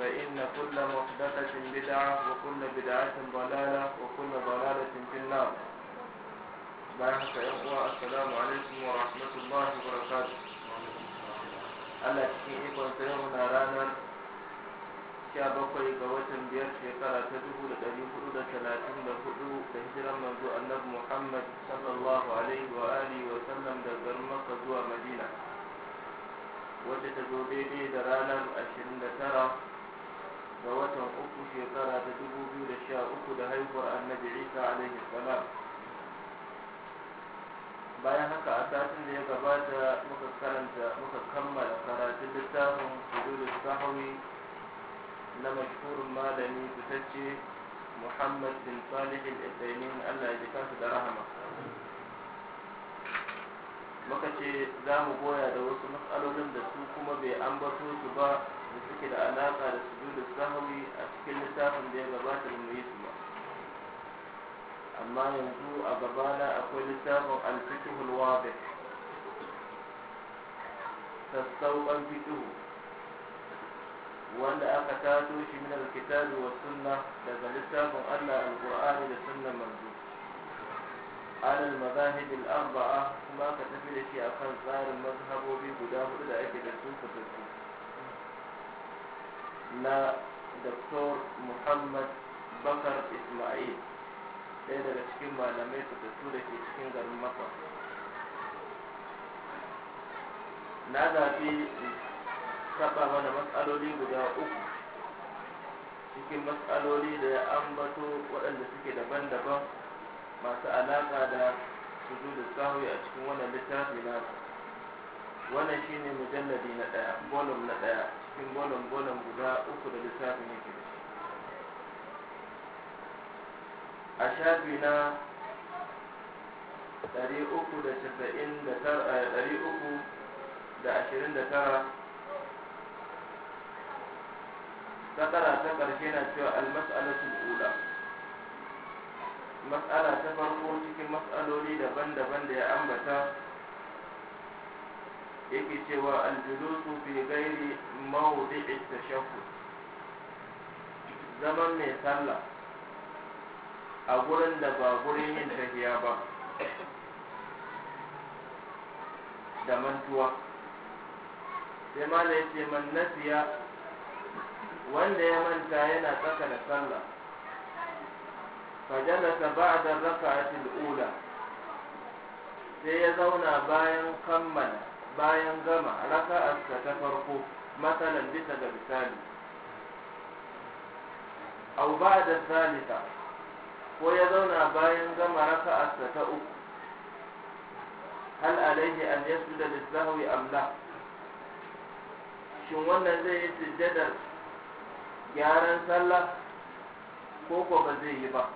فإن كل محدثة بدعة وكل بدعة ضلالة وكل ضلالة في النار بارك يا السلام عليكم ورحمة الله وبركاته Allah cikin ikon sa yau na ranar 17 ga watan biyar shekara ta 1434 da hijiran manzo annabi Muhammad sallallahu alaihi wa alihi wa sallam da garin zuwa Madina wadda ta da ranar 29 ga watan uku shekara ta dubu biyu da sha uku da haihuwar annabi isa alaihi salam bayan haka a satin da ya gabata muka karanta muka kammala karatun littafin hududu sahawi na mashhurin malami fitacce muhammad bin salih al-isaimin allah ya ji da rahama muka ce za mu goya da wasu matsalolin da su kuma bai ambato su ba ذلك العلاقة للسجود السهوي أشكل سهم دي بابات المميزمة أما ينزو أبابالا أقول سهو أنفته الواضح تستو أنفته وأن أقتاتو من الكتاب والسنة لذل سهو أن القرآن لسنة مرضوك على المذاهب الأربعة ما كتفل شيء أخر صار المذهب وبي قدام إلى أكد السوق تسوق na Dr. Muhammad Bakar Ismail ɗaya daga cikin malamai fitattu da ke cikin garin Makwa. Na zafi taɓa mana matsaloli guda uku cikin matsaloli da ya ambato waɗanda suke daban-daban masu alaƙa da su da kawai a cikin wannan littafi nasa wannan shine mujalladi na ɗaya volume na ɗaya cikin golan-golan guda uku da lissafin yake da shi a shafi na 329 tara eh, ta ƙarshe na cewa almas'ala almas'alatul ula mas'ala ta farko cikin mas'aloli daban-daban da ya ambata yake cewa aljulusu fi gairi mawdi'i tashakkur zaman mai sallah a gurin da ba gurin yin tahiya ba da mantuwa sai ma da yace man nasiya wanda ya manta yana tsaka da sallah fajalasa ba'da raka'atil ula sai ya zauna bayan kammala bayan gama raka'arsa ta farko matsalan bisa ga misali au ba da salita ko ya zauna bayan gama raka'arsa ta uku hal alaihi an su da am amla shin wannan zai yi sujjadar gyaran sallah ko ko ba zai yi ba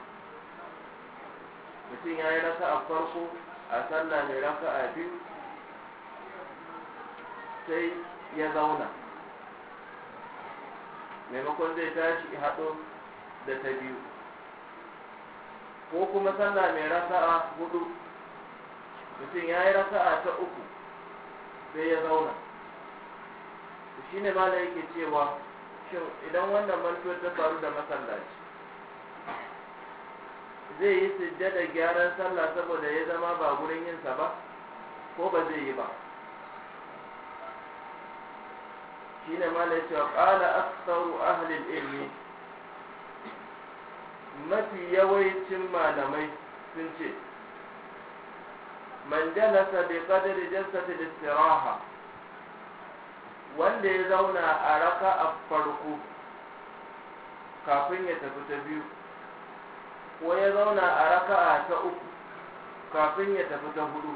mutum ya yi raka'a farko a sallah mai raka'a biyu sai ya zauna maimakon zai tashi haɗo da ta biyu ko kuma sallah mai rasa'a hudu mutum ya yi rasa'a ta uku sai ya zauna shi ne bala yake cewa shin idan wannan mantuwar ta faru da masallaci zai yi sujjada gyaran sallah saboda ya zama ba wurin yinsa ba ko ba zai yi ba shine malai cewa qala aktsaru ahli ilmi mafi yawancin malamai sun ce man jalasa bi qadri jalsati istiraha wanda ya zauna a raka a farko kafin ya tafi ta biyu ko ya zauna a raka a ta uku kafin ya tafi ta hudu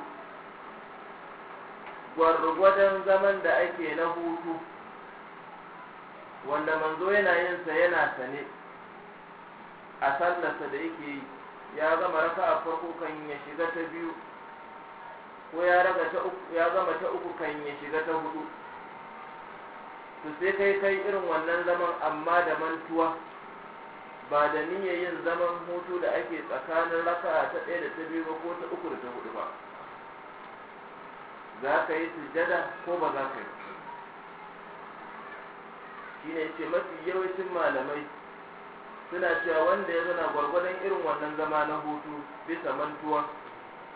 gwargwadon zaman da ake na hutu wanda manzo yana yin sa yana sane a sallarsa da yake yi ya zama raka a farko kan ya shiga ta biyu ko ya raga ta uku ya zama ta uku kan ya shiga ta hudu to sai kai kai irin wannan zaman amma da mantuwa ba da niyyar yin zaman hutu da ake tsakanin raka ta ɗaya da ta biyu ba ko ta uku da ta hudu ba za ka yi sujjada ko ba za ka yi shine ce mafi yawancin malamai suna cewa wanda ya zana gwargwadon irin wannan zama na hutu bisa mantuwa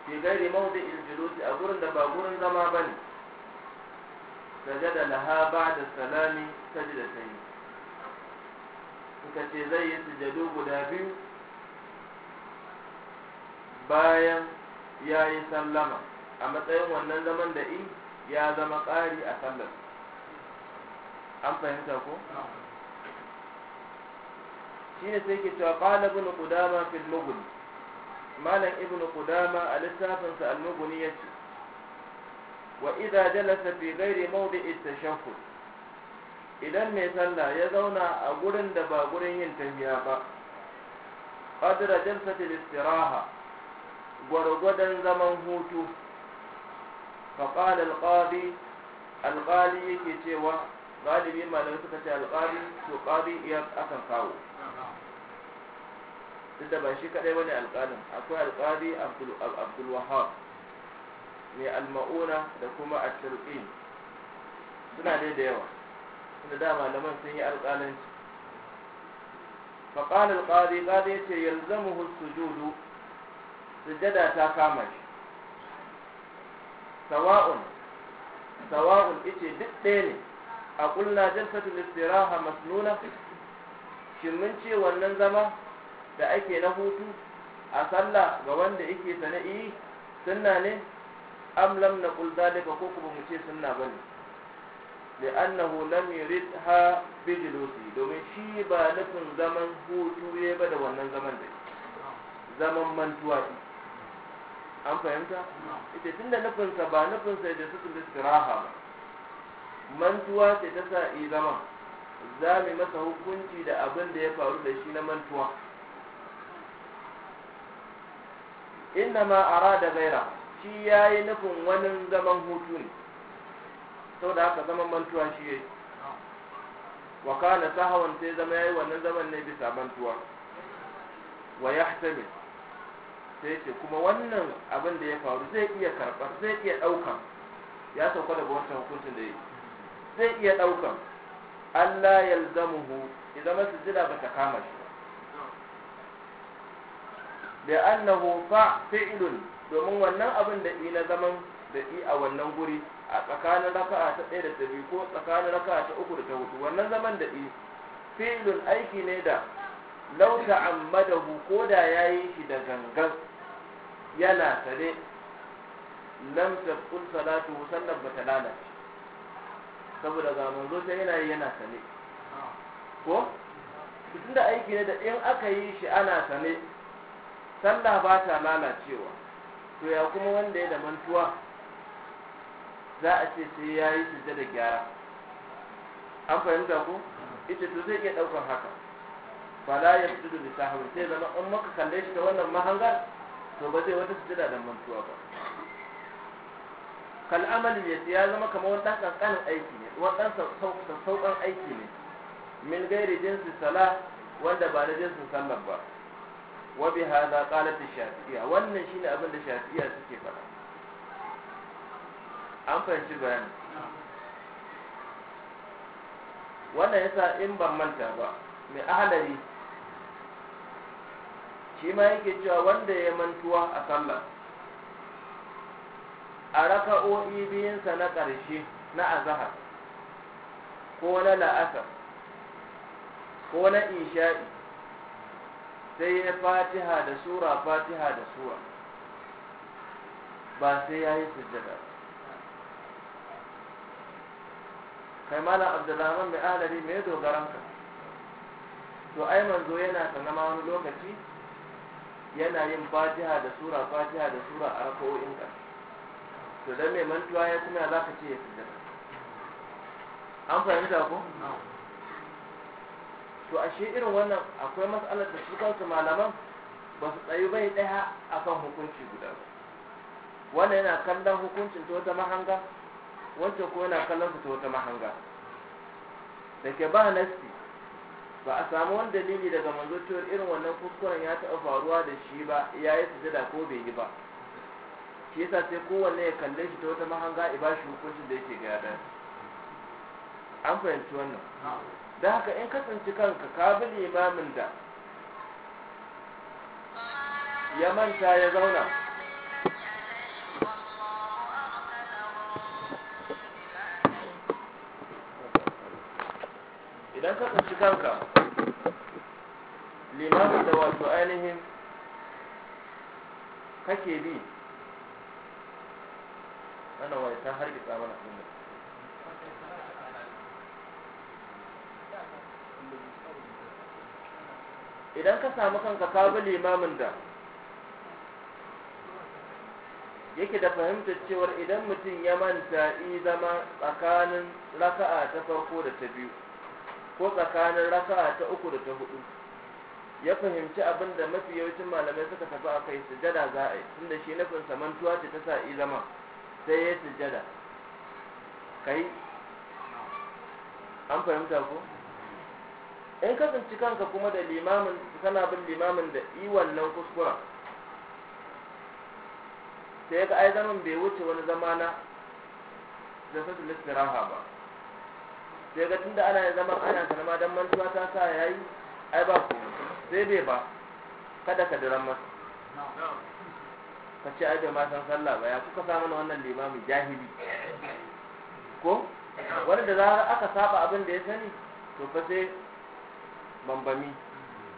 ke gari mawdi'il a gurin da ba gurin zama ba bane sajada laha da salami da tayi suka ce zai yi sujadu guda biyu bayan ya yi sallama a matsayin wannan zaman da in ya zama ƙari a sallarsa an fahimta ko Shi ne sai ke cewa qala ibn qudama fil mughni malam ibn Kudama a littafinsa sa al ya yace wa idza jalasa fi ghairi mawdi'i shanku. idan mai sallah ya zauna a gurin da ba gurin yin tafiya ba qadra jalsati istiraha gwargwadon zaman hutu fa qala al-qadi al yake cewa galibi malamai suka ce alƙari to ƙari iya akan kawo duk da ba shi kaɗai bane alƙalin akwai alƙari abdul wahab mai alma'una da kuma a turƙi suna dai da yawa suna da malaman sun yi alƙalanci faƙal alƙari ƙari ce yalzamuhu sujudu sujada ta kama shi sawa'un sawa'un ita duk ɗaya ne a kulla jalsatul istiraha masnuna shin mun ce wannan zama da ake na hutu a sallah ga wanda yake sana'i sunna ne am lam naqul zalika ko kuma mu ce sunna bane annahu lam yuridha bi julusi domin shi ba nufin zaman hutu ya ba da wannan zaman da zaman mantuwa an fahimta ita tunda nufinsa ba nufinsa da su istiraha ba mantuwa ce ta sa yi zama za mu masa hukunci da abin da ya faru da shi na mantuwa inna ma ara da gaira shi ya yi nufin wani zaman hutu ne sau da haka zaman mantuwa shi ya yi wa kana sahawan sai zama ya yi wannan zaman ne bisa mantuwa wa ya sai ce kuma wannan abin da ya faru zai iya karɓar zai iya ɗauka ya sauka daga wancan hukuncin da ya yi zai iya ɗaukan Allah ya zama hu, ya zama sujjada ba ta kama shi ba da annahu fa fi'lun domin wannan abin da ina zaman da i a wannan guri a tsakanin raka'a ta ɗaya da ta biyu ko tsakanin raka'a ta uku da ta hudu wannan zaman da i fi'lun aiki ne da lauta ammadahu ko da yayi shi da gangan yana tare lam kun salatu sallan ba ta lalace saboda ga manzo sai yana yi yana sane ah. ko da aiki ne da in aka yi shi ana sane sallah ba ta lalacewa to ya kuma wanda ya da mantuwa za a ce sai ya yi sujja da gyara an fahimta ko ita to zai iya ɗaukar haka ba fala ya sujudu da sahabi sai zama in maka kalle shi da wannan mahangar to ba zai wata sujjada da mantuwa ba kal amalin ya zama kamar wani ɗan ƙanƙanin aiki ne wani ɗan sauƙan aiki ne min gairi jinsi sala wanda ba na jinsin sallar ba wa bi hadha qalat ash-shafi'iyya wannan shine abin da shafi'iyya suke faɗa an fahimci bayani wannan yasa in ban manta ba mai ahalari shi ma yake cewa wanda ya mantuwa a sallah a raka'o'i biyunsa na ƙarshe na azahar ko na la'asar ko na isha'i sai ya fatiha da sura fatiha da sura ba sai ya yi sujjada kai malam abdulrahman mai alari mai dogaranka to ai manzo yana sanama wani lokaci yana yin fatiha da sura fatiha da sura a raka'o'in ƙarshe to dan mai mantuwa ya kuma za ka ce ya sujjada an fahimta ku? to a shi irin wannan akwai matsalar da su kansu malaman ba su tsayi bai ɗaya kan hukunci guda ba wannan yana kallon hukuncin ta wata mahanga wancan ko yana kallon su ta wata mahanga da ke ba nasti ba a samu wani dalili daga manzo irin wannan kuskuren ya taɓa faruwa da shi ba ya yi sujada ko bai yi ba shi yasa sai kowanne ya kalle shi ta wata mahanga ya bashi hukuncin da yake gaya dan an fahimci wannan da haka in kasance kanka ka bi limamin da ya manta ya zauna idan ka tsinci kanka limamin da wato ainihin kake bi wannan wani ta tsaman idan ka samu kanka ka bi limamin da yake da fahimtar cewar idan mutum ya manta i zama tsakanin raka'a ta farko da ta biyu ko tsakanin raka'a ta uku da ta hudu ya fahimci abin da mafi yawancin malamai suka tafi a kai sujada za a yi tunda shi nufin samantuwa ce ta sa i zama sai ya sujjada kai an fahimta ko in ka tsinci kanka kuma da limamin kana bin limamin da i wannan kuskura sai ga ai zaman bai wuce wani zama na zafatul raha ba sai ga tunda ana yin zaman ana sanama don mantuwa ta sa yayi ai ba ku sai bai ba kada ka diran masa ka ce ai bai ma san sallah ba ya kuka samu na wannan limamin jahili ko wani da zarar aka saba abin da ya sani to fa sai bambami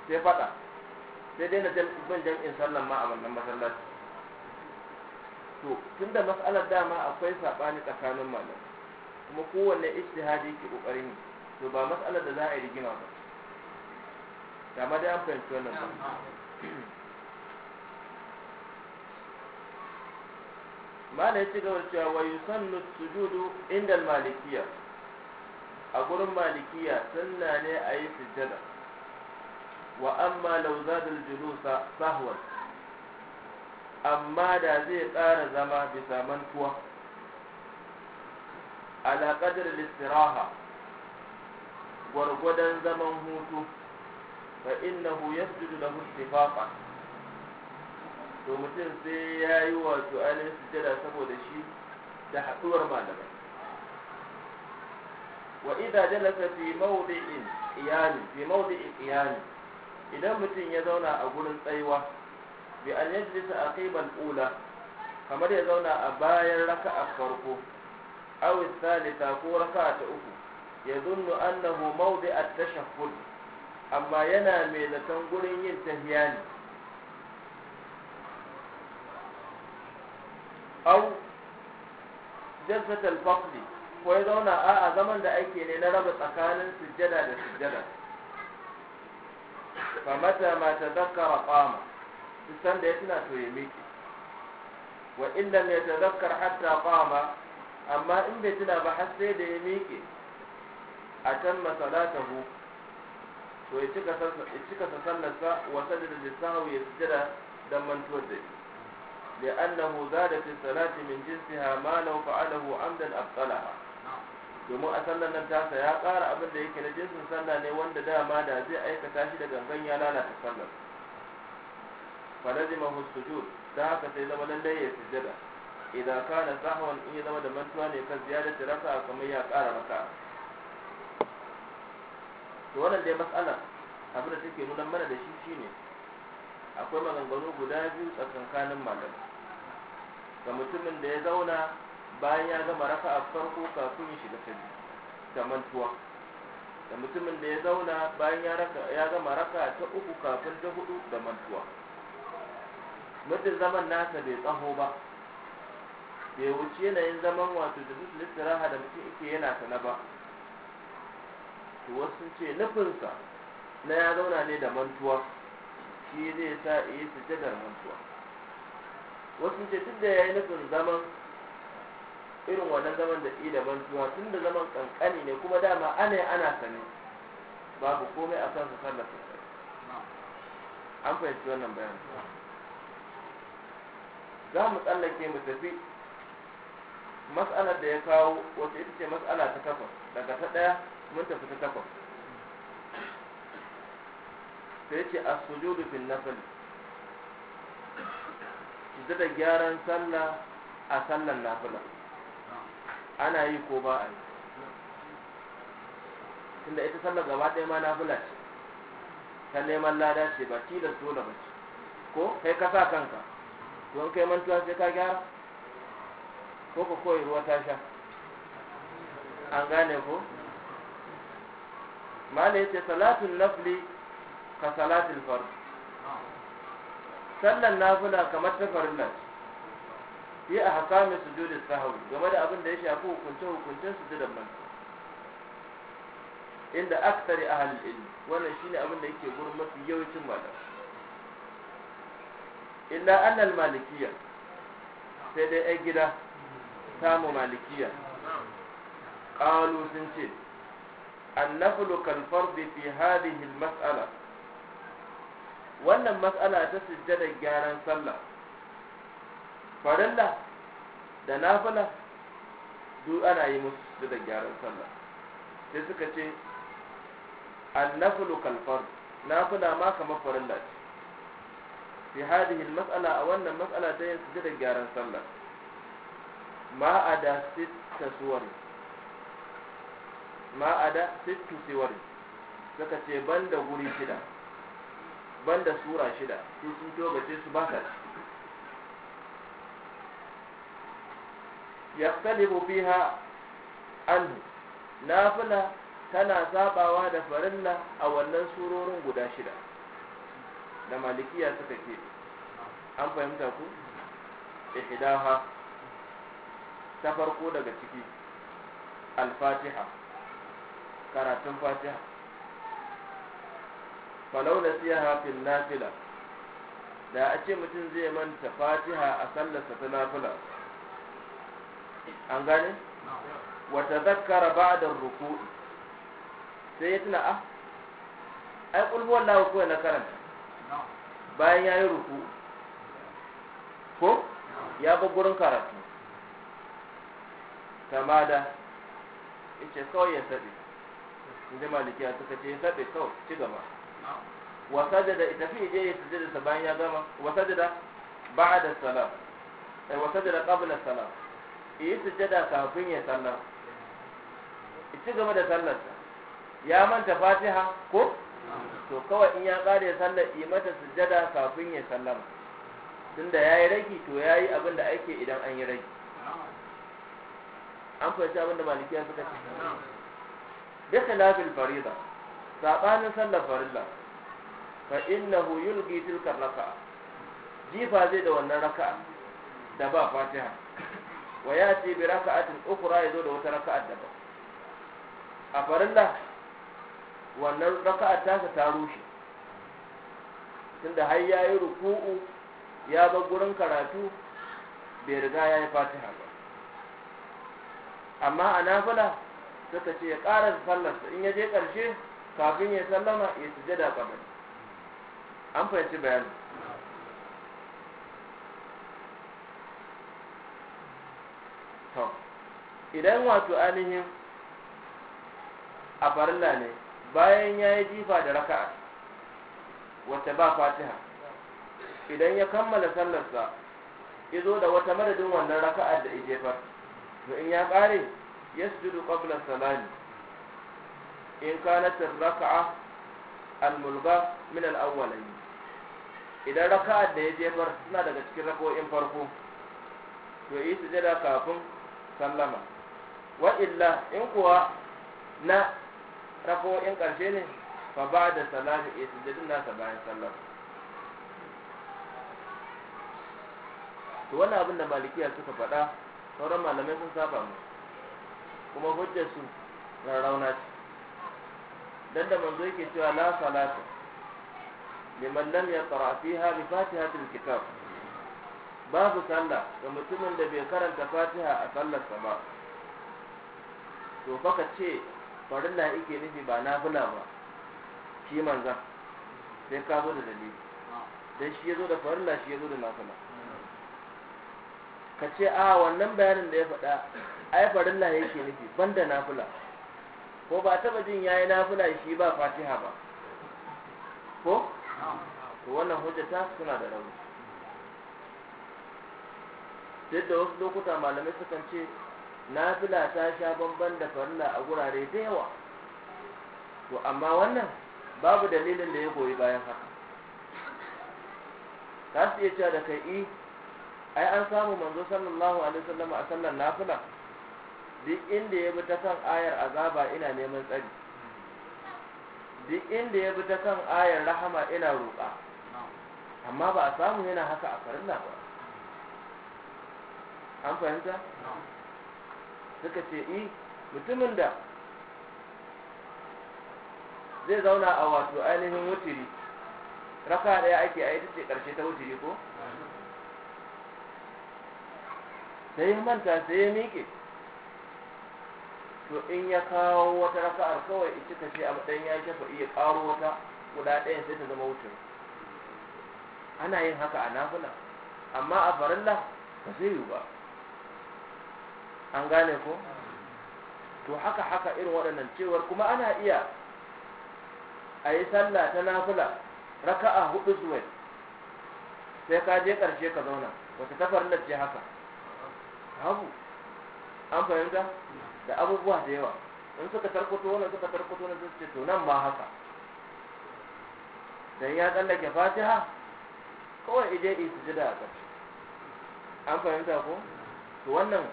sai fada sai dai na ban jam'in sallan ma a wannan masallaci to tun da mas'alar dama akwai sabani tsakanin malam kuma kowanne ijtihadi yake kokari ne to ba mas'alar da za a yi rigima ba da ma dai an fahimci wannan ba mala ya ci gaba da cewa wayu sannu sujudu inda malikiya a gurin malikiya sunna ne a yi sujjada wa amma law zadal julusa sahwan amma da zai tsara zama bisa mantuwa ala qadar al-istiraha gwargwadon zaman hutu fa innahu yasjudu lahu istifaqan to mutum sai ya yi wato ainihin sujjada saboda shi da haɗuwar malamai wa idza jalasa fi mawdi'in qiyami fi mawdi'in qiyami idan mutum ya zauna a gurin tsayuwa bi an yajlisa aqiban ula kamar ya zauna a bayan raka'a farko aw thalitha ko raka'a ta uku ya zunnu annahu mawdi'at tashahhud amma yana mai zaton gurin yin tahiyani au al faqdi ko ya zauna a a zaman da ake ne na raba tsakanin sujjada da sujjada fa mata ma tadhakkara qama duk sanda yana to ya miƙe wa in lam yatadhakkar hatta qama amma in bai tuna ba har sai da ya miƙe a can masalatahu to ya cika sallarsa wa da sahu ya sujjada dan mantuwar da shi لأنه زاد في الصلاة من جنسها ما لو فعله عمدا أبطلها domin a sallar nan tasa ya ƙara abin da yake na jinsin sallah ne wanda dama da zai aikata shi da gangan ya lalata sallar falazima sujud da haka sai zama lallai ya sujada idan kana sahwan in ya zama da mantuwa ne kan ziyadar raka kamar ya ƙara maka? to wannan dai mas'ala abin da take nuna mana da shi shine akwai maganganu guda biyu tsakankanin malamai ga mutumin da ya zauna bayan ya gama raka a farko kafin ya shiga ta ta mantuwa da mutumin da ya zauna bayan ya gama raka ta uku kafin ta hudu da mantuwa mutum zaman nasa bai tsaho ba bai wuce yanayin zaman wato da duk littaraha da mutum ike yana sana ba to wasu ce nufinsa na ya zauna ne da mantuwa shi zai sa iya sujadar mutuwa wasu ce tun da ya yi nufin zaman irin wannan zaman da iya da mantuwa tun da zaman kankani ne kuma dama ana ana sane babu komai a kansa sallar an fahimci wannan bayan za mu tsallake mu tafi mas'alar da ya kawo wata ita ce mas'ala ta takwas daga ta ɗaya mun tafi ta takwas sai ce as-sujudu fil nafil ki da gyaran sallah a sallan nafila ana yi ko ba a yi tunda ita sallar gaba ɗaya ma nafila ce ta neman lada ce ba ci da dole ba ce ko kai ka sa kanka to in kai mantuwa sai ka gyara ko ka koyi ruwa ta sha an gane ko ne ce salatun nafli ka salatul farz sallan nafila kamar ta farilla yi a hakamin sujudin sahwi game da abin da ya shafi hukunce hukuncen sujudin manta inda aksari ahalul ilmi wannan shi ne abin da yake gurin mafi yawancin malamai illa annal malikiya sai dai ai gida samu malikiya qalu sun ce annaflu kal fardi fi hadhihi al mas'ala wannan matsala ta sujjadar gyaran sallah farilla da nafila duk ana yi musu sujjadar gyaran sallah sai suka ce annafulu kalfar nafila ma kamar farilla ce fi hadihin matsala a wannan matsala ta yin sujjadar gyaran sallah ma a da sitta suwari ma a da sitta suwari suka ce ban da guri shida banda sura shida su sun sai su baka yaktalibu fiha na nafila tana zabawa da farilla a wannan surorin guda shida da malikiya suka ke an fahimta ku ihdaha ta farko daga ciki al-fatiha karatun fatiha falau na siya hafin nafila da a ce mutum zai manta fatiha a sallarsa ta nafila an gane wata zakkara ba da ruku sai ya tuna a ah, ai kulbuwan lawa kawai na karanta bayan ya yi ruku ko ya bi gurin karatu da. ya ce kawai ya saɓe inda malikiya suka ce ya saɓe kawai ci gaba وسجد sajada tafi je ya sujada sa bayan ya gama wa sajada ba'da salam ai wa sajada qabla salam yi sujada kafin ya sallama ci gaba da ya manta fatiha ko to kawai in ya kare sallar yi mata sujjada kafin ya sallama tunda yayi raki to yayi abin da ake idan an yi raki an fahimci abin da malikiya suka ce da khilafil farida sabanin sallar farilla fa innahu yulqi tilka raka'a jifa zai da wannan raka'a da ba fatiha wa yati bi raka'atin ukhra yazo da wata raka'a da ba a farilla wannan raka'a ta ta rushe tunda har yayi ruku'u ya ba gurin karatu bai riga yayi fatiha ba amma a nafila suka ce ya ƙara sallarsa in ya je ƙarshe kafin ya sallama ya sujada kamar an fahimci bayan to idan wato ainihin a farilla ne bayan ya yi jifa da raka'a wacce ba fatiha idan ya kammala sallarsa izo da wata madadin wannan raka'ar da ijefar to in ya ƙare ya qabla salami in kanat raka'a al-mulga min al-awwalayn idan raka'a da ya jefar suna daga cikin rako'in farko to yi sujada kafin sallama wa illa in kuwa na rako'in karshe ne fa ba'da da salami ya sujadin nasa bayan sallama to wani abin da malikiya suka faɗa sauran malamai sun saba mu kuma hujjar su rarrauna ce dan da manzo yake cewa la salata liman lam yaqra fiha bi fatihatil alkitab babu sallah ga mutumin da bai karanta fatiha a sa ba to fa ka ce farilla yake nufi ba nafila ba shi manzan sai ka zo da dalili dan shi ya zo da farilla shi ya zo da nafila ka ce a wannan bayanin da ya faɗa ai farilla yake nufi banda nafila ko ba taba jin yayi nafila shi ba fatiha ba ko to wannan hujjata suna da rauni da wasu lokuta malamai sukan ce nafila ta sha bamban da farilla a gurare da yawa to amma wannan babu dalilin da ya goyi bayan haka ta su iya cewa da kai eh, ai an samu manzo sallallahu alaihi wasallam a sallar nafila duk inda ya bi ta kan ayar azaba ina neman tsari duk inda ya bi ta kan ayar rahama ina roƙa amma ba a samu yana haka a farilla ba an fahimta suka ce i mutumin da zai zauna a wato ainihin wuturi raka daya ake a ta ce karshe ta wuturi ko sai manta sai ya miƙe to in ya kawo wata raka'ar kawai in cika shi a matsayin ya shafa iya karo wata guda ɗaya sai ta zama wucin ana yin haka a nafila amma a farilla ba zai yi ba an gane ko to haka haka irin waɗannan cewar kuma ana iya a yi sallah ta nafila raka'a hudu zuwa sai ka je ƙarshe ka zauna wata farilla ce haka Abu, an fahimta da abubuwa da yawa in suka tarkuto wannan suka tarkuto na suka to nan ba haka dan ya tsallake fatiha kawai ije yi sujada a ƙarshe an fahimta ko to wannan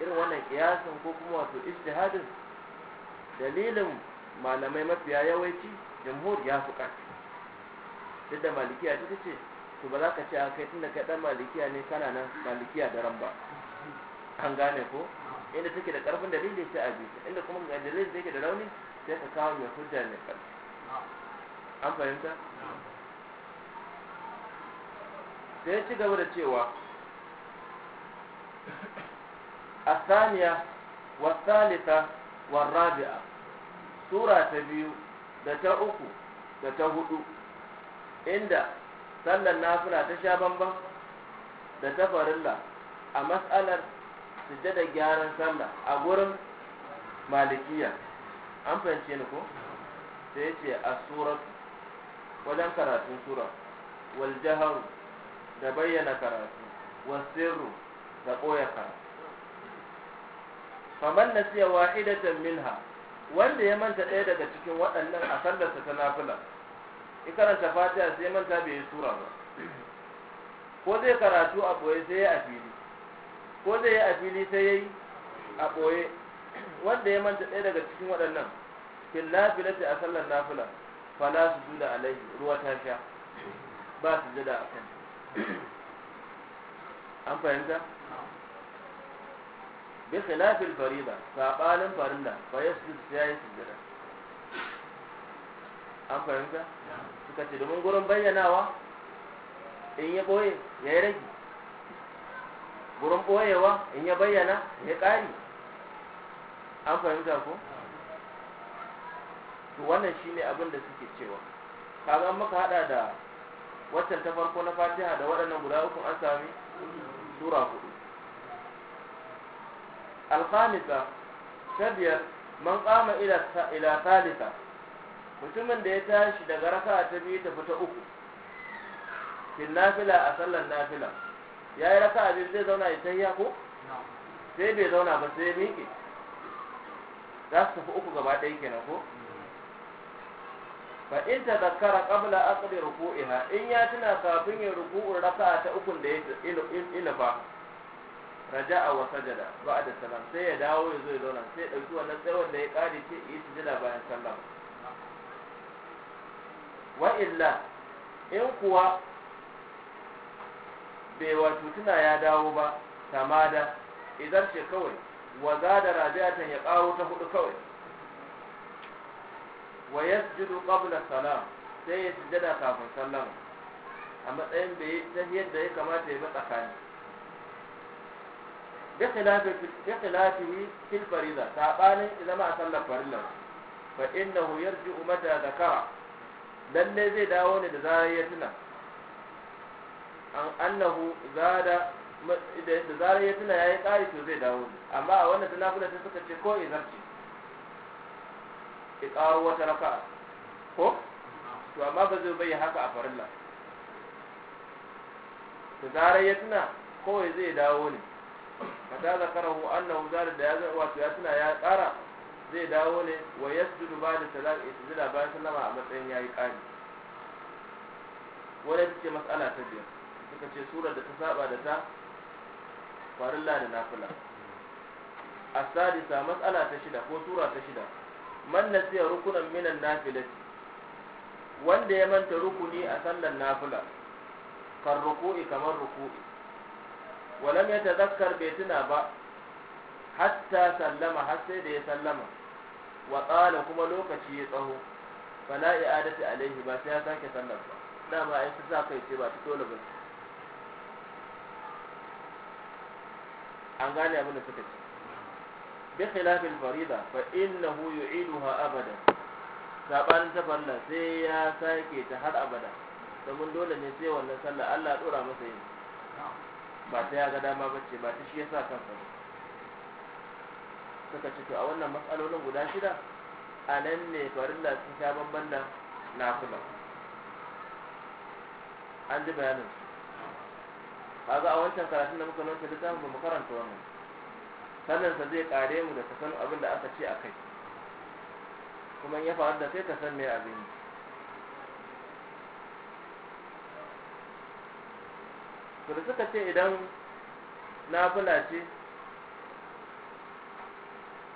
irin wannan kiyasin ko kuma wato ijtihadin dalilin malamai mafiya yawaici jamhur ya fi ƙarfi duk da malikiya ta ce to ba za ka ce a kai tunda kai dan malikiya ne kana nan malikiya da ba an gane ko inda take da karfin dalili sai a bisa inda kuma ga dalilin da yake da rauni sai ka kawo mai hujja mai karfi an fahimta sai ya ci gaba da cewa a saniya wa salita wa rabi'a sura ta biyu da ta uku da ta hudu inda sallan nafila ta sha bamban da ta farilla a mas'alar sujjada gyaran sallah a gurin malikiya an fahimce ni ko sai ya ce a surat wajen karatun sura wal jaharu da bayyana karatu wal sirru da koya karatu faman nasiya wahidatan minha wanda ya manta ɗaya daga cikin waɗannan a sallarsa ta nafila in karanta fatiha sai manta bai yi sura ba ko zai karatu a boye sai ya a fili ko zai yi a fili sai ya yi a ɓoye wanda ya manta ɗaya daga cikin waɗannan fil nafilati a sallar nafila fala su juda alaihi ruwa ta sha ba su jada a kan an fahimta bi khilafil farida saɓanin farilla fa yasjudu sai ya yi sujjada an fahimta suka ce domin gurin bayyanawa in ya ɓoye ya yi rage gurin ɓoyewa in ya bayyana ya ƙari an fahimta ko to wannan shine abin da suke cewa kaga maka hada da watan ta farko na fatiha da waɗannan guda uku an sami sura hudu alhamisa ta biyar man kama ila salisa mutumin da ya tashi daga raka ta biyu ta fita uku fil nafila a sallar nafila ya yi raka abin zai zauna ya tahiya ko sai bai zauna ba sai miƙe za su tafi uku gaba ɗaya kenan ko fa in ta zakara qabla aqdi ruku'iha in ya tuna kafin ya ruku'u raka'a ta ukun da ya Raja wasa jada ba a da salam sai ya dawo ya zo ya zauna sai ya dauki wannan tsawon da ya ƙari ce yi su jina bayan sallama wa illa in kuwa bai wato tuna ya dawo ba tamada idan ce kawai wa zada rabi'atan ya karo ta hudu kawai wa yasjudu qabla salam sai ya sujada kafin sallama a matsayin bai ya yadda ya kamata ya ba tsakani bi khilafihi fil fariza sabanin idan ma sallar farilla fa innahu umar mata zakara lalle zai dawo ne da zarar ya tuna annahu zada da zarar ya tuna yayi ƙari to zai dawo amma a wannan tunafila sai suka ce ko izarci ki kawo wata raka ko to amma ba zai bayyana haka a farilla da zarar ya tuna ko zai dawo ne kada zakarahu annahu zara da ya wato ya tuna ya kara zai dawo ne wa yasjudu ba'da salat salam itizila bayan sallama a matsayin yayi ƙari wannan ce mas'ala ta biyu suka ce surar da ta saba da ta farilla da nafila asadisa matsala ta shida ko sura ta shida man nasiya rukunan minan nafilati wanda ya manta rukuni a sallan nafila kan ruku'i kamar ruku'i walam ya tazakkar bai tuna ba hatta sallama har sai da ya sallama wa tsala kuma lokaci ya tsaho fala i'adati alaihi ba sai ya sake sallar ba dama ai ta sa kai ce ba ta dole ba an gane abin da suka ce bi khilafil farida fa innahu yu'iduha abada sabanin ta farilla sai ya sake ta har abada domin dole ne sai wannan sallah Allah ya dora masa yin ba sai ya ga dama bace ba ta shi yasa kansa suka ce to a wannan matsalolin guda shida a nan ne farilla sun sha bamban na kula an ji bayanin su kaga a wancan karatun da muka nota duk zamu mu karanta wannan sannan sa zai kare mu da ka san abin da aka ce a kai kuma ya faru da kai ka san me abin to da suka ce idan na fula ce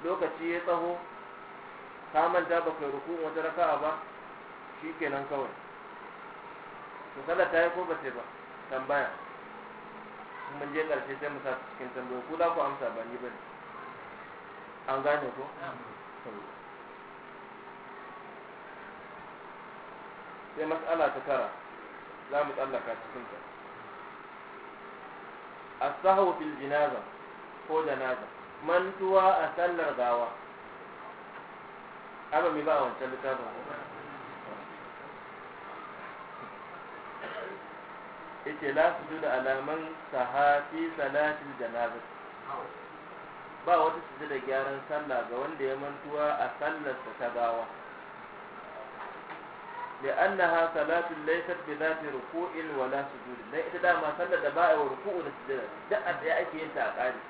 lokaci ya tsaho ka manta ba kai rukun wata raka'a ba shi kenan kawai to kada ta yi ko ba ce ba tambaya mun je karshe sai mu sa cikin tambayoyi ko za ku amsa ba ni bane an gane ko sai mas'ala ta tara za mu tsallaka cikin ta as-sahwu fil jinaza ko janaza tuwa a sallar gawa Abin mi ba wancan littafin ko. yake la su zo da alaman sahafi salatin janaba ba wata su da gyaran sallah ga wanda ya mantuwa a sallarsa ta gawa da an salatu ha salatin laifar za ta ruku'in wa la su zo da ita dama sallar da ba a yi ruku'u da su da a da ya ake yin ta a kari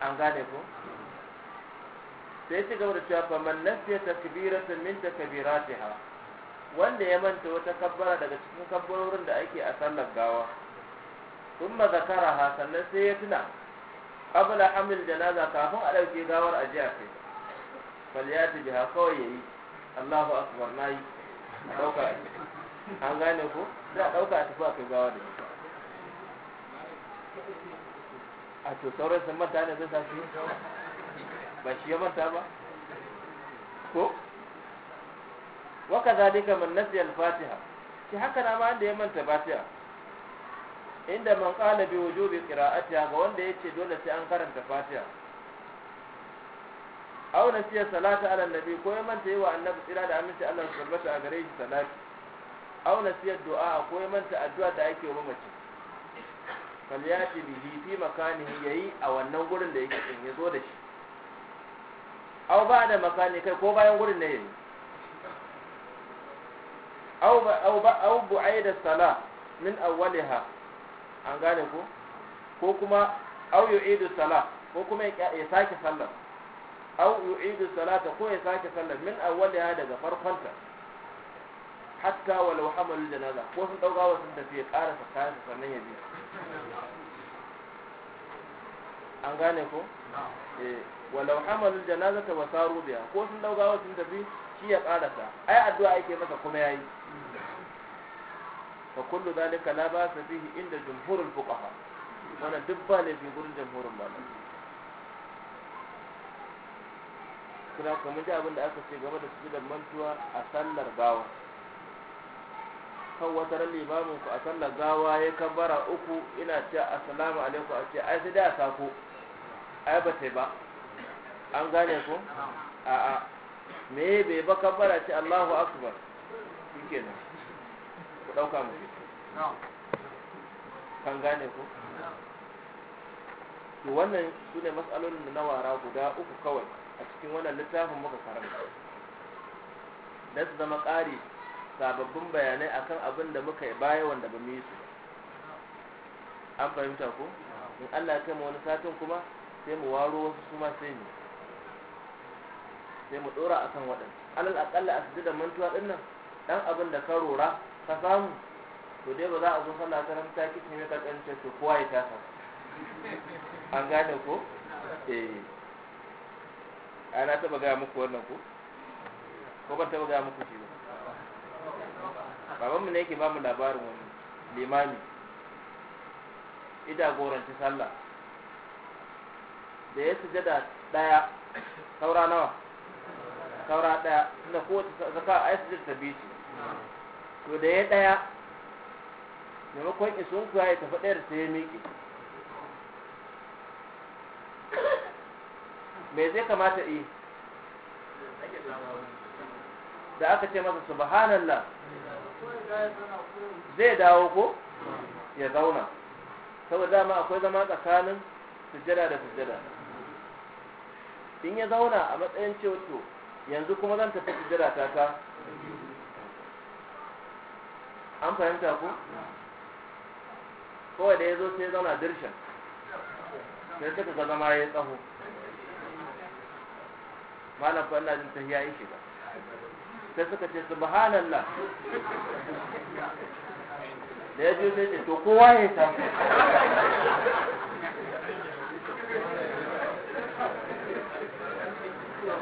an gane ko sai ci gaba da cewa faman nasiya ta kabira ta min ta kabira ta wanda ya manta wata kabbara daga cikin kabbarorin da ake a sallar gawa sun ma zakara sannan sai ya tuna qabla hamil janaza kafin a ɗauke gawar a jiya kai falyati biha kawai yi. Allahu akbar nayi a ɗauka an gane ko za a ɗauka a tafi a kai gawa da shi. a to sauran sun manta ne zai sa shi ba shi ya manta ba ko wa kadhalika man nasiya al-fatiha ki haka na ma da ya manta fatiha inda man qala bi wujubi qira'atiha ga wanda yace dole sai an karanta fatiha aw nasiya salata ala nabi ko ya manta yawa annabi tsira da aminci Allah ya tabbata a gare shi salati aw nasiya du'a ko ya manta addu'a da ake wa mace falyati bihi fi makanihi yayi a wannan gurin da yake in yazo da shi aw ba da makani kai ko bayan gurin ne yayi au ba au ba au bu'aida sala min awwaliha an gane ko ko kuma au yu'idu sala ko kuma ya sake sallar au yu'idu salata ko ya sake sallar min awwaliha daga farkonta hatta walau hamalul janaza ko sun dauka wa sun tafi ya ta kayan sannan ya bi an gane ko eh walau hamalul janaza ta wasaru biya ko sun dauka wa sun tafi shi ya karasa ai addu'a yake masa kuma yayi fa kullu dalika la ba sa fihi inda jumhurul fuqaha wala dubba la fi gurin jumhurul malamai kira kuma da abin da aka ce game da sujudar mantuwa a sallar gawa kan wata ran limamin ku a sallar gawa ya kabbara uku ina ce assalamu alaikum a ce ai sai da sako ai ba sai ba an gane ku a'a me bai ba kabbara ce Allahu akbar shikenan ku dauka mu kan gane ku to wannan su ne matsalolin da na wara guda uku kawai a cikin wannan littafin muka karanta da su zama ƙari sababbin bayanai akan abin da muka yi baya wanda ba mu yi su an fahimta ku? in Allah ya kai mu wani satin kuma sai mu waro wasu su ma sai mu sai mu dora akan waɗanda alal akalla a sujjada mantuwa din nan dan abin da ka rora ka samu to dai ba za a zo sallah ta ranta ki ne ka kance to kowa ya tasa an gane ko eh ana taɓa gaya muku wannan ko ko ban taɓa gaya muku shi ba babanmu ne yake ba mu labarin wani limami ida goranci sallah da ya sujada daya saura nawa saura ɗaya tunda kowace zaka a yasa jirta biyu to da ya ɗaya maimakon isun kuwa ya tafi da sai ya miƙe me zai kamata yi da aka ce masa subhanallah zai dawo ko ya zauna saboda dama akwai zama tsakanin sujjada da sujjada in ya zauna a matsayin ce wato yanzu kuma zan tafi hijira ta ta an fahimta ku kawai da ya zo sai zauna dirshin sai suka ga zama ya tsaho malam fa Allah jin hiya yake ba sai suka ce subhanallah da ya biyo sai ce to kowa ya ta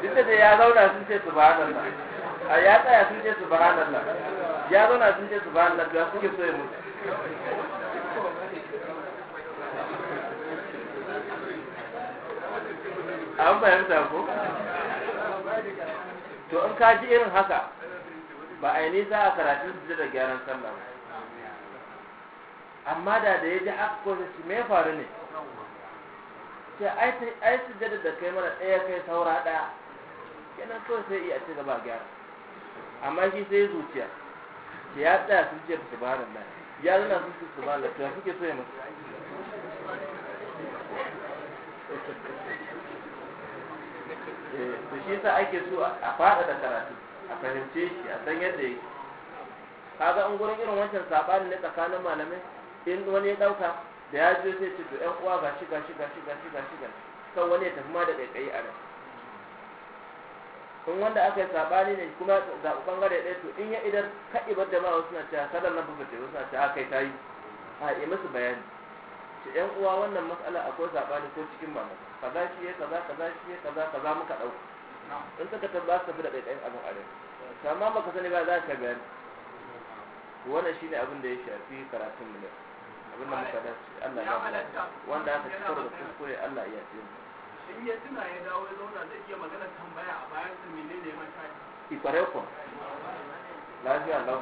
duk da ya zauna sun ce subhanallah a ya tsaya sun ce su subhanallah ya zauna sun ce su subhanallah da suke so ya an fahimta ko to in ka ji irin haka ba a yi za a karatun su da gyaran sallah ba amma da da ya ji haka su mai faru ne ce ai su da kai mana ɗaya kai saura ɗaya kenan kawai sai iya ci gaba gyara amma shi sai zuciya da ya tsaya ce su ba nan ya zana ce su ba nan to kuke so ya musu eh, to shi sa ake so a fada da karatu a fahimce shi a san yadda yake kaga an gurin irin wancan sabani ne tsakanin malamai in wani ya dauka da ya je sai ce to ƴan uwa gashi gashi gashi gashi gashi gashi kan wani ya tafi ma da ƙaiƙayi a nan Kun wanda aka yi sabani ne kuma zaɓi ɓangare ɗaya to in ya idan ka ibar da ma'a suna cewa sadar nan ba teku suna cewa kai ta yi a yi musu bayani ce ƴan uwa wannan matsala akwai sabani ko cikin ba kaza shi ya kaza kaza shi ya kaza kaza muka ɗauka in suka ba su tafi da ɗaiɗayin abin a rai amma baka sani ba za ka bayani wannan shine abin da ya shafi karatun mu ne abin da muka dace Allah ya wanda aka ci da kuskure Allah ya yi in ya tuna ya dawo ya zauna zai iya magana tambaya a bayan su menene manta ikwarai ku lafiya lau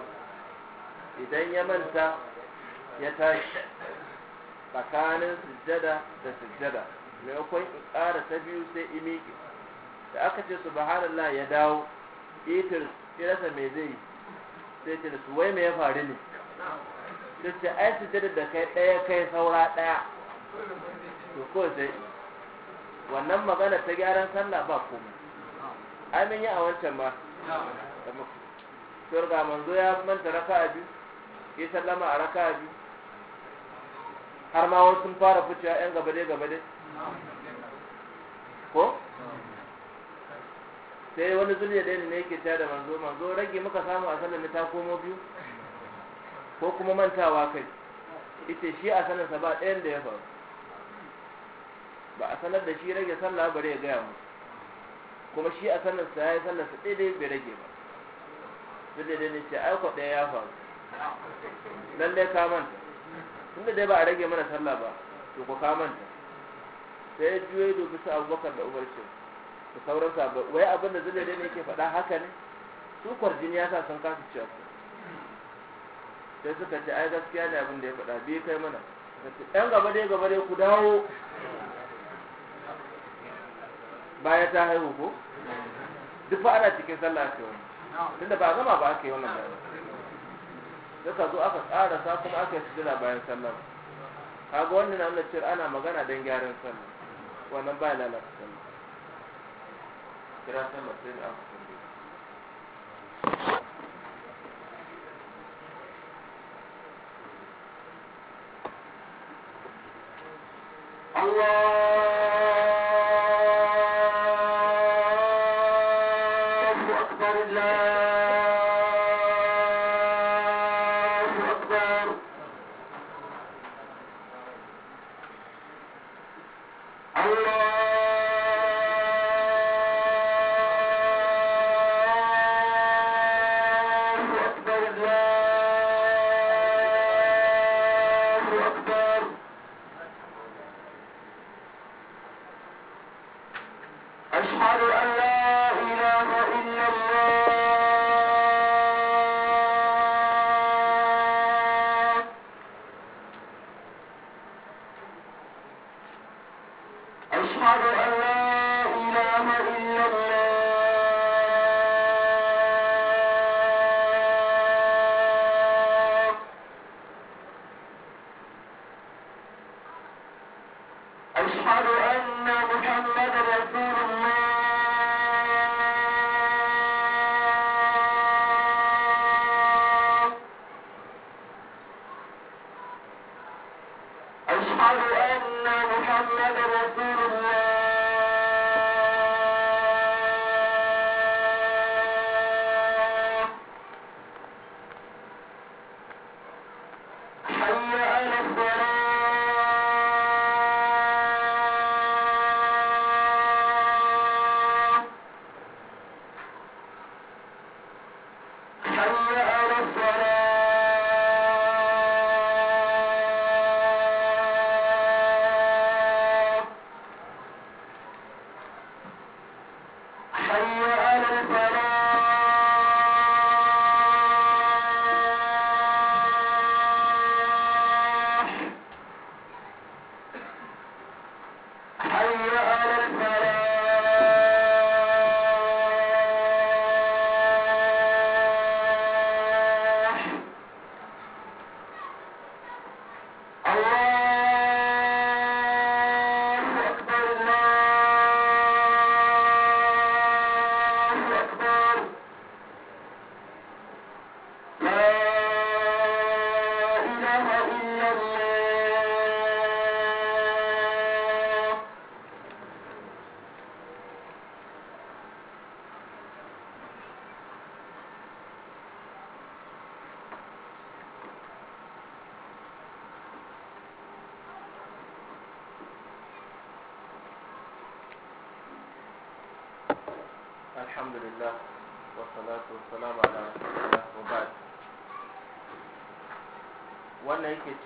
idan ya manta ya tashi tsakanin sujjada da sujjada maimakon in ƙara ta biyu sai in imiki da aka ce su subhanallah ya dawo itir irasa mai zai sai ce da su wai me ya faru ne sai ce ai sujjada da kai ɗaya kai saura ɗaya to ko sai wannan magana ta gyaran sallah ba komai ai mun yi a wancan ba sai ga manzo ya manta raka'a biyu ya sallama a raka'a biyu har ma wasu sun fara ficewa yan gaba dai gaba dai ko sai wani zuriya da ne yake tare da manzo manzo rage muka samu a sallar ta komo biyu ko kuma mantawa kai ita shi a sallarsa ba ɗayan da ya faru ba a sanar da shi rage sallah bare ya gaya musu kuma shi a sanar sa yayi sallar sa daidai bai rage ba su daidai ne ce ai ko ɗaya ya faru dai ka manta tunda dai ba a rage mana sallah ba to ko ka manta sai ya juye da su abubakar da umar ce da sauran sabon wai abin da zai ne yake faɗa haka ne su kwarjin ya sa sun kasa cewa sai suka ce ai gaskiya ne abin da ya faɗa bi kai mana ɗan gaba dai gaba dai ku dawo baya ta haihu ko duk ba ana cikin sallah ake wani tunda ba gama ba ake yi wannan bayan ka zo aka tsara sa kuma aka yi sujjada bayan sallah kaga wannan na cewa ana magana don gyaran sallah wannan ba lalata sallah kira sallah sai da aka tambaye أشهد أن لا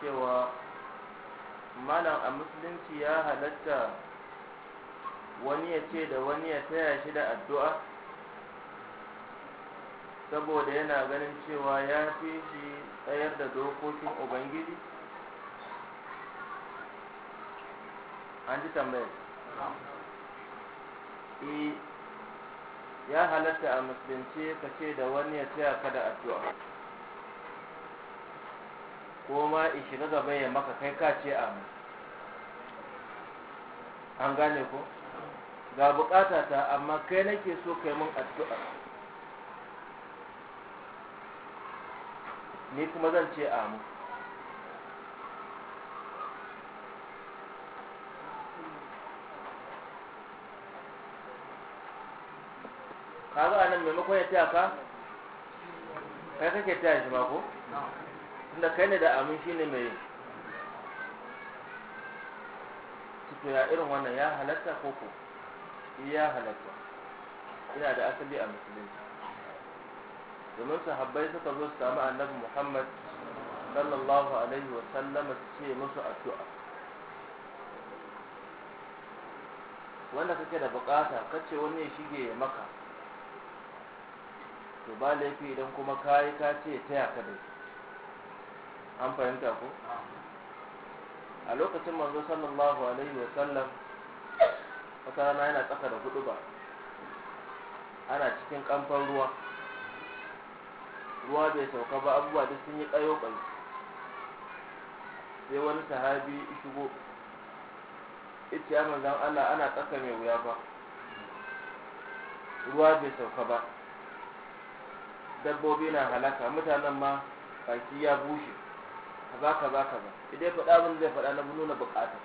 cewa malam a musulunci ya halatta wani ya ce da wani ya taya shi da addu'a saboda yana ganin cewa ya fi shi tsayar da dokokin ubangiji an ji e ya halatta a musulunci ka ce da wani ya taya ka da addu'a ko ma shiga gaba bayan maka kai ka ce a mu an gane ko ga bukata ta amma kai nake so kai mun addu'a ni kuma zan ce a mu kaga anan maimakon ya taya ka kai kake taya shi ba ko tunda kai ne da amin ne mai cikin ya irin wannan ya halatta ko ko ya halatta ina da asali a musulunci domin sahabbai suka zo su samu annabi muhammad sallallahu alaihi wa sallama su ce musu addu'a wanda kake da bukata kace wani ya shige ya maka to ba laifi idan kuma kayi ka ce taya ka da shi an fahimta ko a lokacin manzo sallallahu alaihi wa sallam wata rana yana tsaka da hudu ba ana cikin kamfan ruwa ruwa bai sauka ba abubuwa da sun yi kayo kai sai wani sahabi shigo ita ya manzan Allah ana tsaka mai wuya ba ruwa bai sauka ba dabbobi na halaka mutanen ma baki ya bushe kaza kaza kaza idan faɗa abin zai faɗa na nuna bukata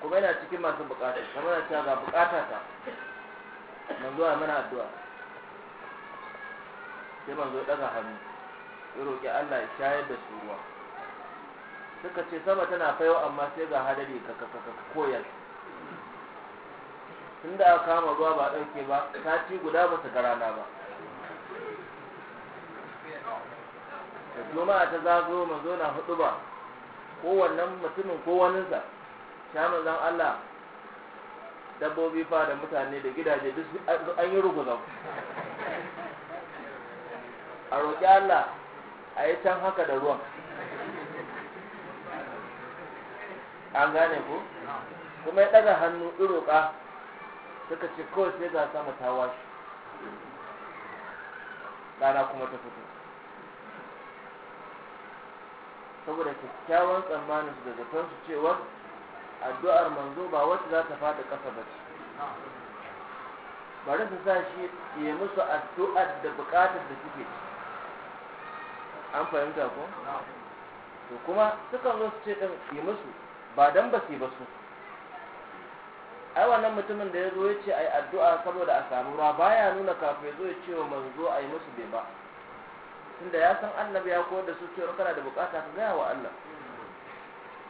kuma yana cikin masu bukata kamar na cewa ga bukata ta manzo zuwa mana addu'a sai man zo daga hannu ya roƙi Allah ya shayar da su ruwa suka ce sama tana faiwa amma sai ga hadari ka ka ka koyar tunda aka kama ruwa ba ɗauke ba sati guda ba su ga ba da juma'a ta zazo manzo na hudu ba kowannen mutumin ko sa sha manzon Allah dabbobi fa da mutane da gidaje duk an yi ruguza a roƙi Allah a yi can haka da ruwan an gane ku. kuma ya ɗaga hannu iroƙa suka ce kawai sai ga sama ta washe rana kuma ta fito saboda kyakkyawan tsammanin su da zaton cewa addu'ar manzo ba wacce za ta faɗi ƙasa ba ce bari su sa shi ya musu addu'ar da buƙatar da suke ci. an fahimta ko to kuma sukan zo su ce ɗin yi musu ba dan ba su yi ba su ai wannan mutumin da ya zo ya ce ai addu'a saboda a samu ruwa baya nuna kafin ya zo ya ce wa manzo ai musu bai ba tunda ya san annabi ya koyar da su cewa kana da bukata ka gaya wa Allah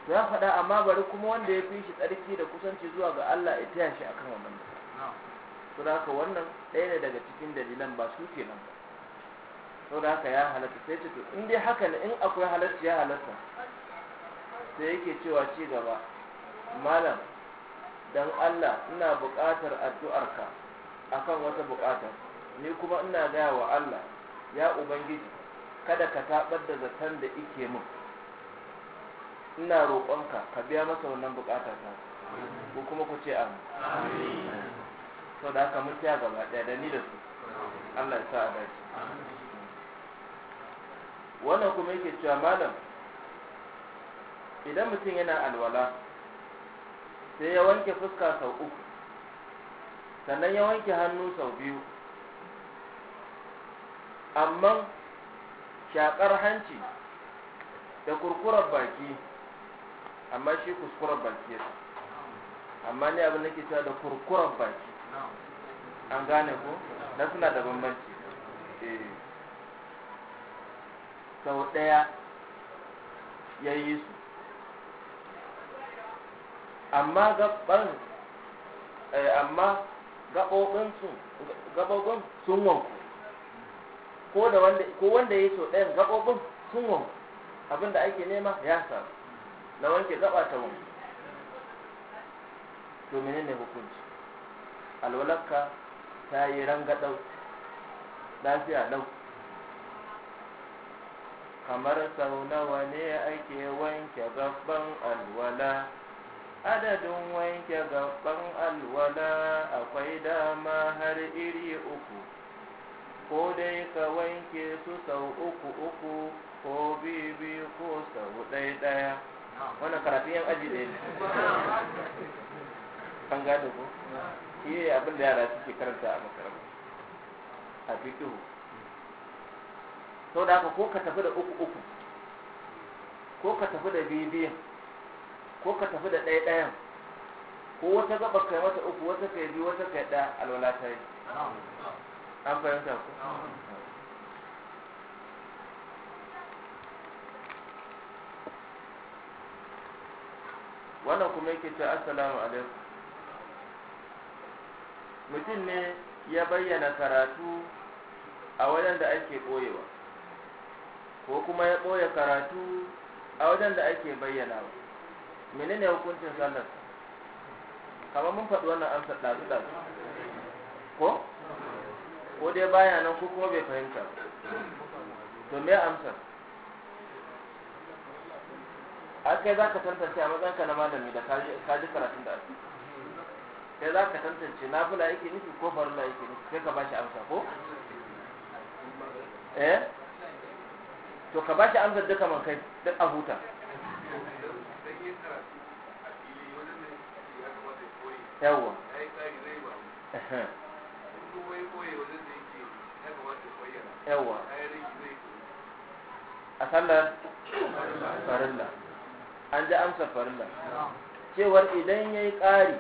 ya faɗa amma bari kuma wanda ya fi shi tsarki da kusanci zuwa ga Allah ya taya shi akan wannan to da haka wannan ɗaya ne daga cikin dalilan ba su nan. ba to da haka ya halatta sai ce to in dai haka ne in akwai halatta ya halatta sai yake cewa ci gaba malam dan Allah ina buƙatar addu'arka akan wata buƙatar ni kuma ina gaya wa Allah ya ubangiji kada ka tabar da zaton da ike min ina roƙonka ka biya masa wannan bukata ta ko kuma ku ce amin so da aka mun gaba ɗaya da ni da su Allah ya sa a dace wannan kuma yake cewa malam idan mutum yana alwala sai ya wanke fuska sau uku sannan ya wanke hannu sau biyu amma shakar hanci da kurkurar baki amma shi kuskurar baki ya amma ne abin da ke cewa da kurkurar baki an gane ko na suna da bambanci eh. sau ɗaya ya yi su amma gaɓan eh, amma gaɓoɓin sun wanku ko da wanda ko wanda ya so ɗayan gaɓoɓin sun wan abin da ake nema ya samu na wanke gaɓa ta wan to menene hukunci Alwalakka ta yi rangadau lafiya lau kamar sau nawa ne ake wanke gaban alwala adadin wanke gaban alwala akwai dama har iri uku ko dai ka wanke su sau uku uku ko biyu biyu ko sau ɗaya ɗaya wannan karatun yan aji ɗaya ne kan gado ko shi ne abin da yara suke karanta a makaranta a fiƙihu sau da haka ko ka tafi da uku uku ko ka tafi da biyu biyan ko ka tafi da ɗaya ɗayan ko wata gaba kai mata uku wata kai biyu wata kai ɗaya alwala ta yi an fahimta ku wannan kuma yake ce assalamu alaikum mutum ne ya bayyana karatu a wajen da ake ɓoyewa ko kuma ya ɓoye karatu a wajen da ake bayyanawa menene hukuncin sallar kamar mun faɗi wannan amsa ɗazu ɗazu ko ko dai baya nan ko kuma bai fahimta to me amsar a kai za ka tantance a matsayin ka na malami da ka ji karatun da ake kai za ka tantance na fula yake nufi ko farula yake nufi sai ka bashi amsa ko eh to ka bashi amsar duka man kai duk a huta yawwa yawa a sallar farilla an ji amsa farilla cewar idan ya yi ƙari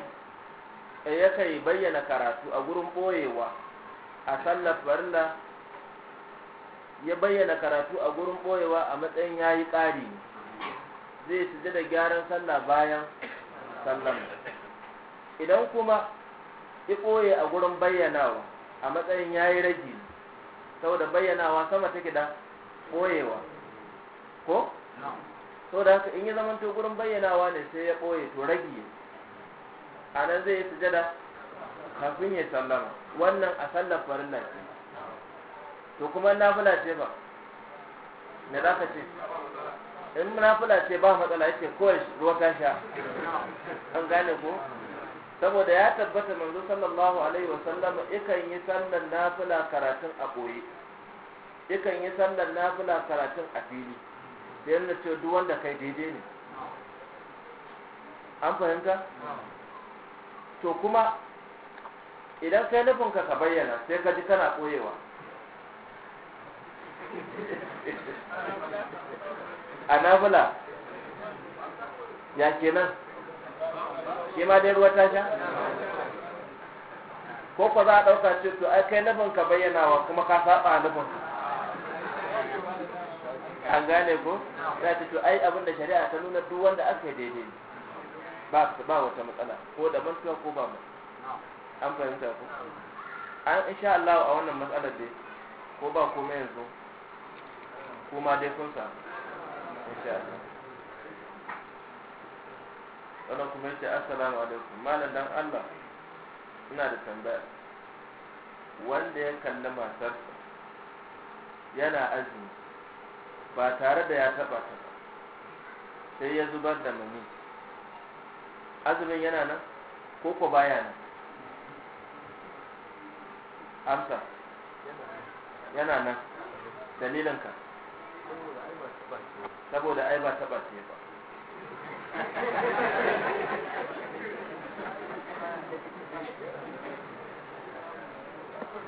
eh, ya kai bayyana karatu a gurin ɓoyewa a sallar farilla ya bayyana karatu a gurin ɓoyewa a matsayin ya yi ƙari zai su da gyaran sallah bayan sallar idan kuma ya ɓoye a gurin bayyanawa a matsayin ya yi ragi saboda bayyanawa sama take da boyewa ko da haka in ya to gurin bayyanawa ne sai ya boye to ragi a nan zai yi sujada kafin ya sallama wannan a sallar farin ce to kuma fula ce ba me za ka ce in fula ce ba matsala yake kowai ruwa ta sha an gane ko saboda ya tabbata manzo sallallahu alaihi wasallam ikan yi sallan nafila karatun a boye ikan yi sallan nafila karatun a fili sai yana ce duk wanda kai daidai ne an fahimta to kuma idan kai nufin ka bayyana sai ka ji kana koyewa a nafila ya kenan shi ma dai ruwa ta sha ko ko za a ɗauka ce to ai kai nufin ka bayyana wa kuma ka saba nufin an gane ko za ta to ai abin da shari'a ta nuna duk wanda aka yi daidai ne ba su ba wata matsala ko da mantuwa ko ba mu an fahimta ko an insha Allah a wannan matsalar dai ko ba komai yanzu kuma dai kun samu insha Allah wannan kuma yace assalamu alaikum malam dan Allah ina da tambaya wanda ya kalli matarsa yana azumi ba tare da ya taba ta ba sai ya zubar da mani azumin yana nan ko ko baya nan amsa yana nan dalilinka saboda ai ba taba ce ba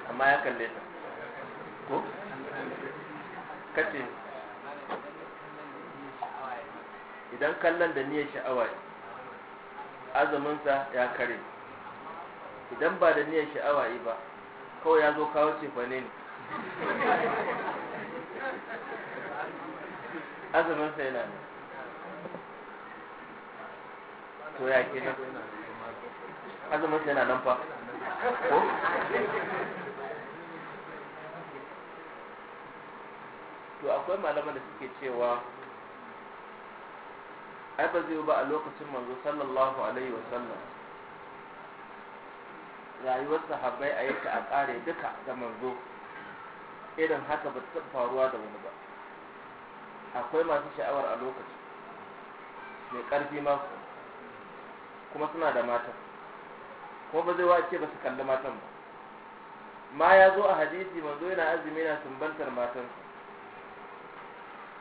amma ya kalle ta ko kace idan kallon da niyyar sha'awa azuminsa ya kare idan ba da niyyar sha'awa yi ba kawai ya zo kawo cefane ne azuminsa yana ne to ya ke nan azumin yana nan fa ko to akwai malaman da suke cewa ai ba zai ba a lokacin manzo sallallahu alaihi wa sallam rayuwar sahabbai a yake a kare duka da manzo irin haka ba ta faruwa da wani ba akwai masu sha'awar a lokaci mai karfi ma kuma suna da matan kuma ba zai wa ce ba su kalli matan ba ma ya zo a hadisi manzo yana azumi yana sumbantar matan.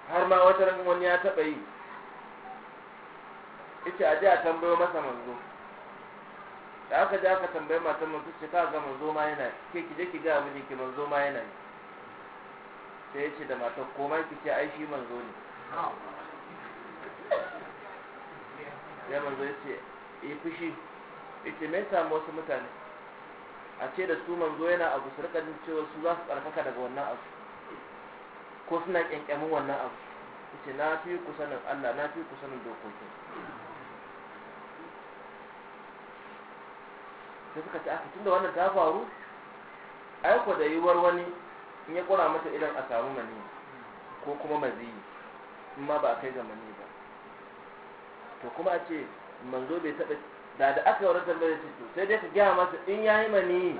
har ma wata ran wani ya taɓa yi ita aje a tambayo masa manzo da aka je aka tambayi matan manzo ce ka ga manzo ma yana ke ki je ki ga miji ki manzo ma yana sai ya ce da matan komai ki ce ai shi manzo ne ya manzo ya ce yi fushi ita mai samu wasu mutane a ce da su manzo yana abu su rika cewa su za su tsarkaka daga wannan abu ko suna ƙyanƙyamin wannan abu ita na fi kusanin Allah na fi kusanin dokokin sai suka ce aka tunda wannan ta faru aiko da yiwuwar wani in ya kura mata idan a samu mani ko kuma maziyi in ma ba a kai ga mani to kuma a ce manzo bai taɓa da da aka yi wani tambayar ce sai dai ka gaya masa in ya yi mani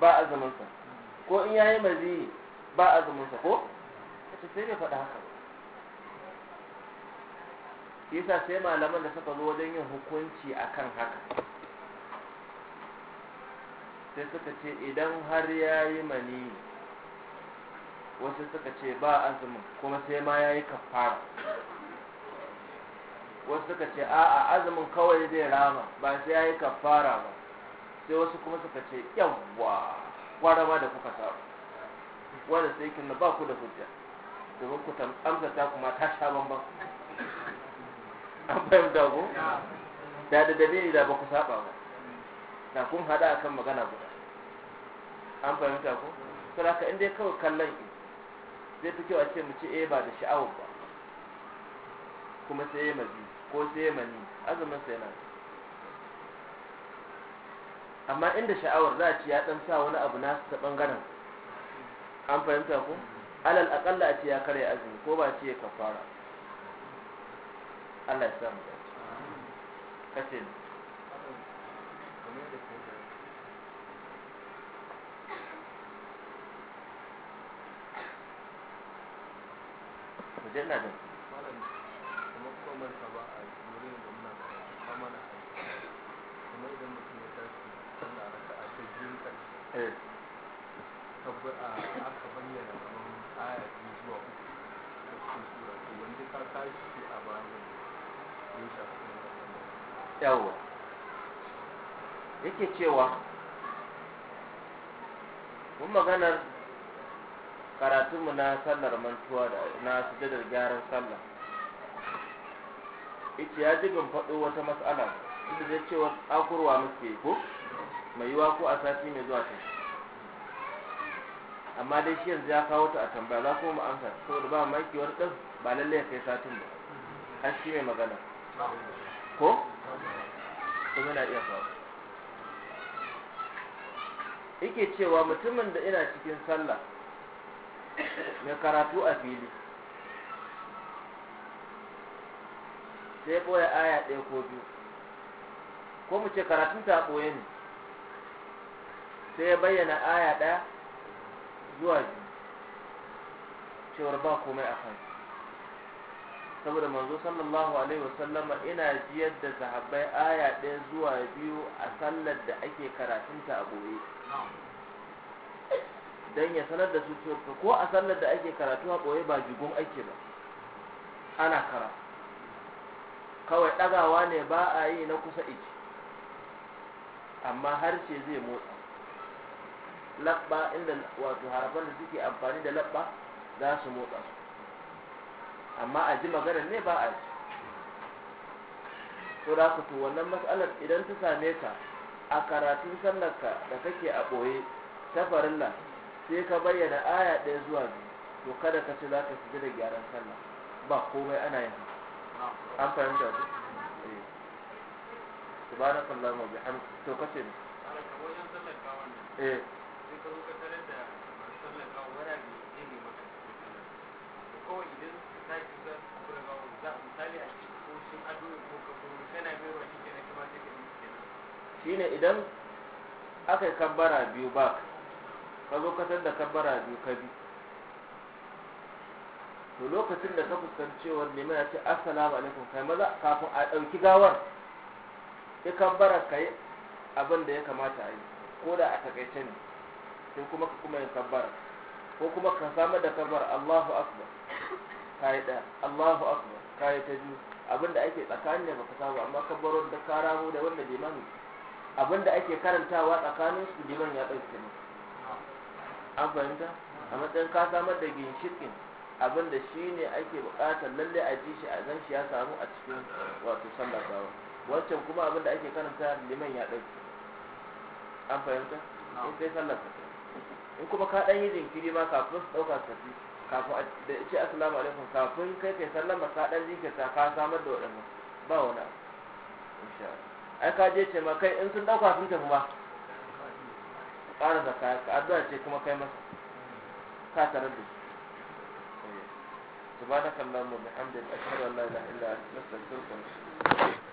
ba azuminsa ko in ya yi mazi ba azuminsa ko ta sai dai faɗa haka shi yasa sai malaman da suka zo wajen yin hukunci akan haka sai suka ce idan har ya yi mani wasu suka ce ba azumin kuma sai ma ya yi kafara wasu suka ce a'a azumin kawai zai rama ba sai yayi kafara ba sai wasu kuma suka ce yawwa kwarama da kuka samu wanda sai kin ba ku da hujja domin ku amsa ta kuma ta sha bamban an fahimta ko da da dalili da ba ku saba ba na kun hada akan magana guda an fahimta ko saboda haka in dai kawai kallon ki zai fi kyau a ce mu ce eh ba da sha'awar ba kuma sai ya mabi ko sai mani azumin sai nan amma inda sha'awar za a ci ya dan sa wani abu na ta bangaren an fahimta ko alal aqalla a ci ya karya azumi ko ba ci ya kafara Allah ya samu kace mujallada Eh. Ah, ya yawa yake cewa mun maganar karatunmu na sallar mantuwa da na sujadar gyaran sallah ita ya jibin faɗo wata matsala inda zai cewa tsakurwa muke ko mai yiwa ko a sati mai zuwa ta amma dai shi yanzu ya kawo ta a tambaya za kuma amsa saboda ba maki wani ɗan ba lallai ya kai satin ba a shi mai magana ko kuma na iya faru yake cewa mutumin da ina cikin sallah mai karatu a fili sai ɓoye aya ɗaya ko biyu ko mu ce karatun ta ɓoye ne sai ya bayyana aya ɗaya zuwa biyu cewar ba komai a kan. saboda manzo sallallahu alaihi wasallama ina jiyar da sahabbai aya ɗaya zuwa biyu a sallar da ake karatun a ɓoye don ya sanar da su cewa ko a sallar da ake karatu a ɓoye ba jigon ake ba ana kara kawai ɗagawa ne ba a yi na kusa iki amma harshe zai motsa labba inda wato harafan da suke amfani da labba za su motsa su amma a ji maganar ne ba a ji to da to wannan matsalar idan ta same ka a karatun ka da kake a ɓoye ta farilla sai ka bayyana aya ɗaya zuwa biyu to kada ka ce za ka fi da gyaran sallah ba komai ana yin an fahimta su subhanakallahu wa bihamdika to kace ne eh kawai idan kura ga za misali a cikin ado ko kana mai kuma sai ka yi shine idan aka yi kabbara biyu ba ka zo ka da kabbara biyu ka bi to lokacin da ka fuskanci cewar neman ya ce assalamu alaikum kai maza kafin a ɗauki gawar Ka kabbara ka yi abin da ya kamata a yi ko da a takaice ne sai kuma ka kuma yin kabbara ko kuma ka samar da kabbar Allahu akbar ka yi ɗaya Allahu akbar ka yi ta biyu abin da ake tsakanin ne ka samu amma kabbaro da ka da wanda limami abin da ake karantawa tsakanin su liman ya ɗauke ne an fahimta a matsayin ka samar da ginshikin abin da shi ne ake buƙatar lalle a ji shi a zan shi ya samu a cikin wato sallah wancan kuma abin da ake karanta liman ya ɗauki an fahimta in sai sallar ka in kuma ka ɗan yi jinkiri ma kafin su ɗauka su tafi kafin a ce assalamu alaikum kafin kai kai sallar ka ɗan jinkirta ka samar da waɗannan ba wani abu insha Allah ai ka je ce ma kai in sun ɗauka sun tafi ma ƙara zaka ka addu'a ce kuma kai masa ka tarar da shi سبحانك اللهم وبحمدك أشهد أن لا إله إلا أنت نستغفرك ونتوب